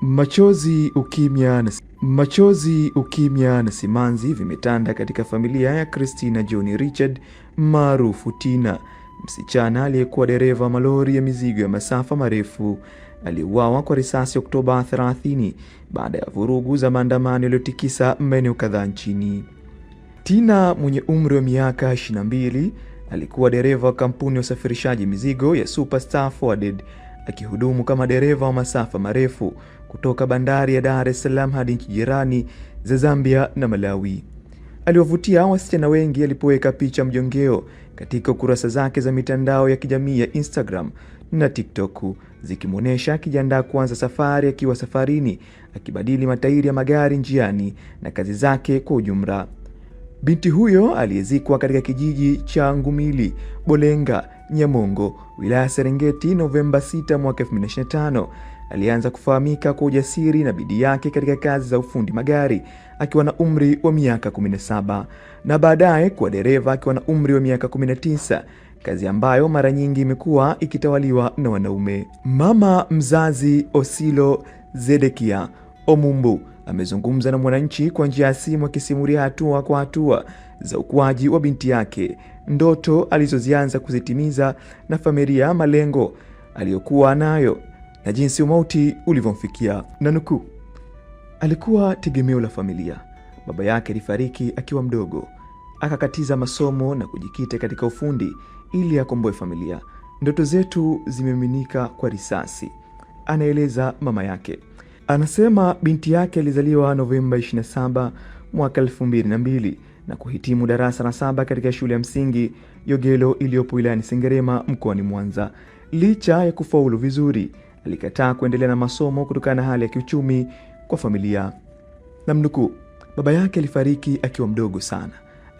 Machozi, ukimya na machozi, ukimya na simanzi vimetanda katika familia ya Christina John Richard maarufu Tina, msichana aliyekuwa dereva malori ya mizigo ya masafa marefu aliyeuawa kwa risasi Oktoba 30 baada ya vurugu za maandamano yaliyotikisa maeneo kadhaa nchini. Tina mwenye umri wa miaka 22 alikuwa dereva wa kampuni ya usafirishaji mizigo ya Superstar Forwarded akihudumu kama dereva wa masafa marefu kutoka bandari ya Dar es Salaam hadi nchi jirani za Zambia na Malawi. Aliwavutia wasichana wengi alipoweka picha mjongeo katika kurasa zake za mitandao ya kijamii ya Instagram na TikTok zikimwonyesha akijiandaa kuanza safari akiwa safarini, akibadili matairi ya magari njiani na kazi zake kwa ujumla. Binti huyo aliyezikwa katika kijiji cha Ngumili, Bolenga, Nyamongo, wilaya ya Serengeti, Novemba 6 mwaka 2025. Alianza kufahamika kwa ujasiri na bidii yake katika kazi za ufundi magari akiwa na umri wa miaka 17 na baadaye kuwa dereva akiwa na umri wa miaka 19, kazi ambayo mara nyingi imekuwa ikitawaliwa na wanaume. Mama mzazi Osilo Zedekia Omumbu amezungumza na Mwananchi kwa njia ya simu akisimulia hatua kwa hatua za ukuaji wa binti yake, ndoto alizozianza kuzitimiza na familia, malengo aliyokuwa nayo na jinsi umauti ulivyomfikia. Na nukuu, alikuwa tegemeo la familia. Baba yake alifariki akiwa mdogo, akakatiza masomo na kujikita katika ufundi ili akomboe familia. Ndoto zetu zimeminika kwa risasi, anaeleza mama yake. Anasema binti yake alizaliwa Novemba 27 mwaka 2002 na kuhitimu darasa la saba katika shule ya msingi Yogelo iliyopo wilayani Sengerema mkoani Mwanza. Licha ya kufaulu vizuri, alikataa kuendelea na masomo kutokana na hali ya kiuchumi kwa familia. mnukuu baba yake alifariki akiwa mdogo sana.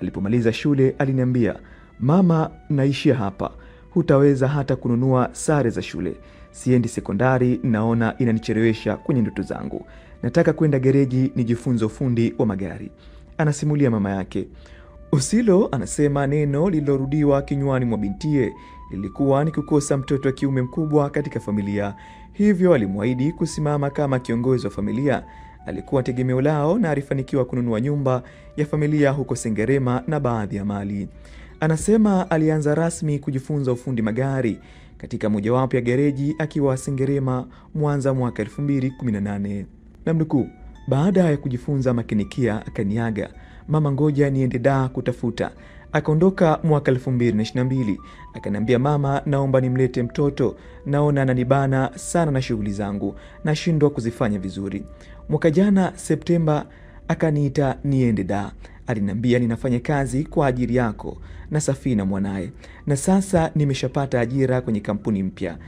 Alipomaliza shule aliniambia, mama, naishia hapa, hutaweza hata kununua sare za shule. Siendi sekondari, naona inanichelewesha kwenye ndoto zangu. Nataka kwenda gereji nijifunze ufundi wa magari anasimulia mama yake. Usilo anasema neno lililorudiwa kinywani mwa bintie lilikuwa ni kukosa mtoto wa kiume mkubwa katika familia, hivyo alimwahidi kusimama kama kiongozi wa familia. Alikuwa tegemeo lao na alifanikiwa kununua nyumba ya familia huko Sengerema na baadhi ya mali. Anasema alianza rasmi kujifunza ufundi magari katika mojawapo ya gereji akiwa Sengerema, Mwanza mwaka 2018 namnukuu. Baada ya kujifunza makinikia akaniaga, mama, ngoja niende daa kutafuta. Akaondoka mwaka elfu mbili na ishirini na mbili. Akaniambia, mama, naomba nimlete mtoto, naona ananibana sana na shughuli zangu, nashindwa kuzifanya vizuri. Mwaka jana Septemba akaniita niende daa, aliniambia ninafanya kazi kwa ajili yako na Safina mwanaye, na sasa nimeshapata ajira kwenye kampuni mpya.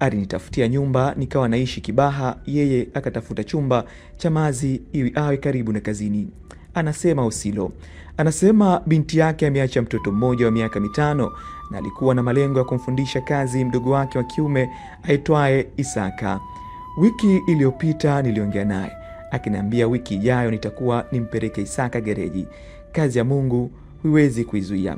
Alinitafutia nyumba nikawa naishi Kibaha, yeye akatafuta chumba mazi iwi awe karibu na kazini, anasema Osilo. Anasema binti yake ameacha mtoto mmoja wa miaka mitano na alikuwa na malengo ya kumfundisha kazi mdogo wake wa kiume aitwaye Isaka. Wiki iliyopita niliongea naye akiniambia wiki ijayo nitakuwa nimpeleke Isaka gereji. Kazi ya Mungu huiwezi kuizuia.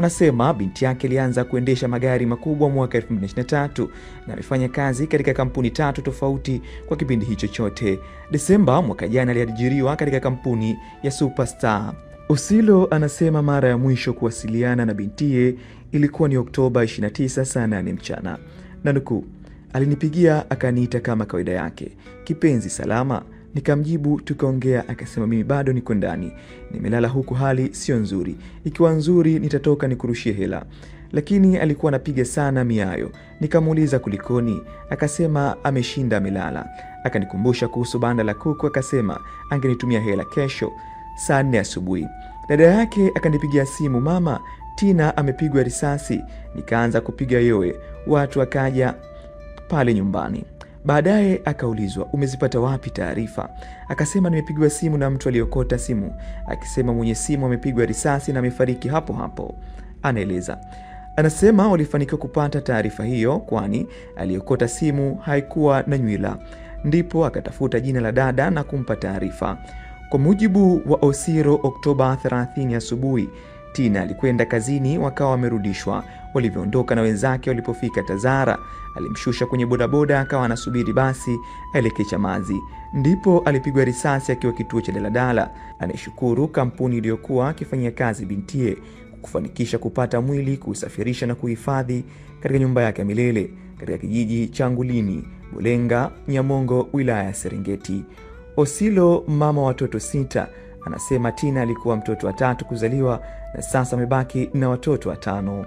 Anasema binti yake ilianza kuendesha magari makubwa mwaka 2023 na amefanya kazi katika kampuni tatu tofauti kwa kipindi hicho chote. Desemba mwaka jana aliajiriwa katika kampuni ya Superstar. Osilo anasema mara ya mwisho kuwasiliana na bintiye ilikuwa ni Oktoba 29 saa 8 mchana, na nukuu, alinipigia akaniita kama kawaida yake, kipenzi salama Nikamjibu, tukaongea, akasema mimi bado niko ndani, nimelala huku, hali sio nzuri, ikiwa nzuri nitatoka nikurushie hela. Lakini alikuwa anapiga sana miayo. Nikamuuliza kulikoni, akasema ameshinda, amelala. Akanikumbusha kuhusu banda la kuku, akasema angenitumia hela kesho saa nne asubuhi. Dada yake akanipigia simu, mama Tina amepigwa risasi. Nikaanza kupiga yowe, watu akaja pale nyumbani. Baadaye akaulizwa umezipata wapi taarifa? Akasema nimepigwa simu na mtu aliokota simu, akisema mwenye simu amepigwa risasi na amefariki hapo hapo. Anaeleza anasema walifanikiwa kupata taarifa hiyo, kwani aliyokota simu haikuwa na nywila, ndipo akatafuta jina la dada na kumpa taarifa. Kwa mujibu wa Osiro, Oktoba 30 asubuhi Tina alikwenda kazini, wakawa wamerudishwa. Walivyoondoka na wenzake walipofika Tazara, alimshusha kwenye bodaboda, akawa anasubiri basi aelekee Chamazi. Ndipo alipigwa risasi akiwa kituo cha daladala. Anaishukuru kampuni iliyokuwa akifanyia kazi bintie kufanikisha kupata mwili, kuusafirisha na kuhifadhi katika nyumba yake ya milele katika kijiji cha Ngulini, Bulenga, Nyamongo, wilaya ya Serengeti. Osilo, mama watoto sita Anasema Tina alikuwa mtoto wa tatu kuzaliwa na sasa amebaki na watoto watano.